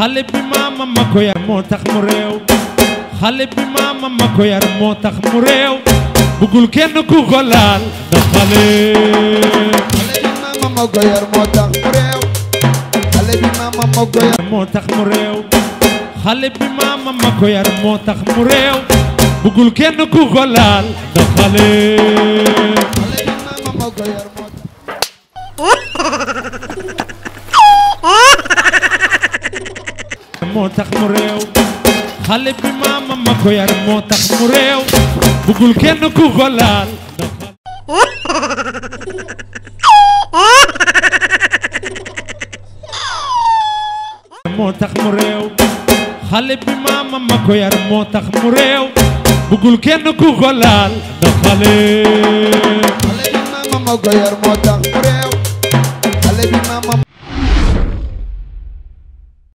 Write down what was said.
xale bi maama ma ko yar moo tax mu réew xale bi maama ma ko yar moo tax mu réew bëggul kenn ku ko laal ndax xale xale bi maama ma ko yar moo tax mu réew xale bi maama ma ko yar moo tax mu réew xale bi maama ma ko yar moo tax mu réew bëggul kenn ku ko laal ndax xale xale bi maama ma ko yar moo tax moo tax mu réew xale bi maama ma ko yar moo tax mu réew bëggul kenn ku ko laal moo tax mu réew xale bi maama ma ko yar moo tax mu réew bëggul kenn ku ko laal ndax xale xale bi maama ma ko yar moo tax mu réew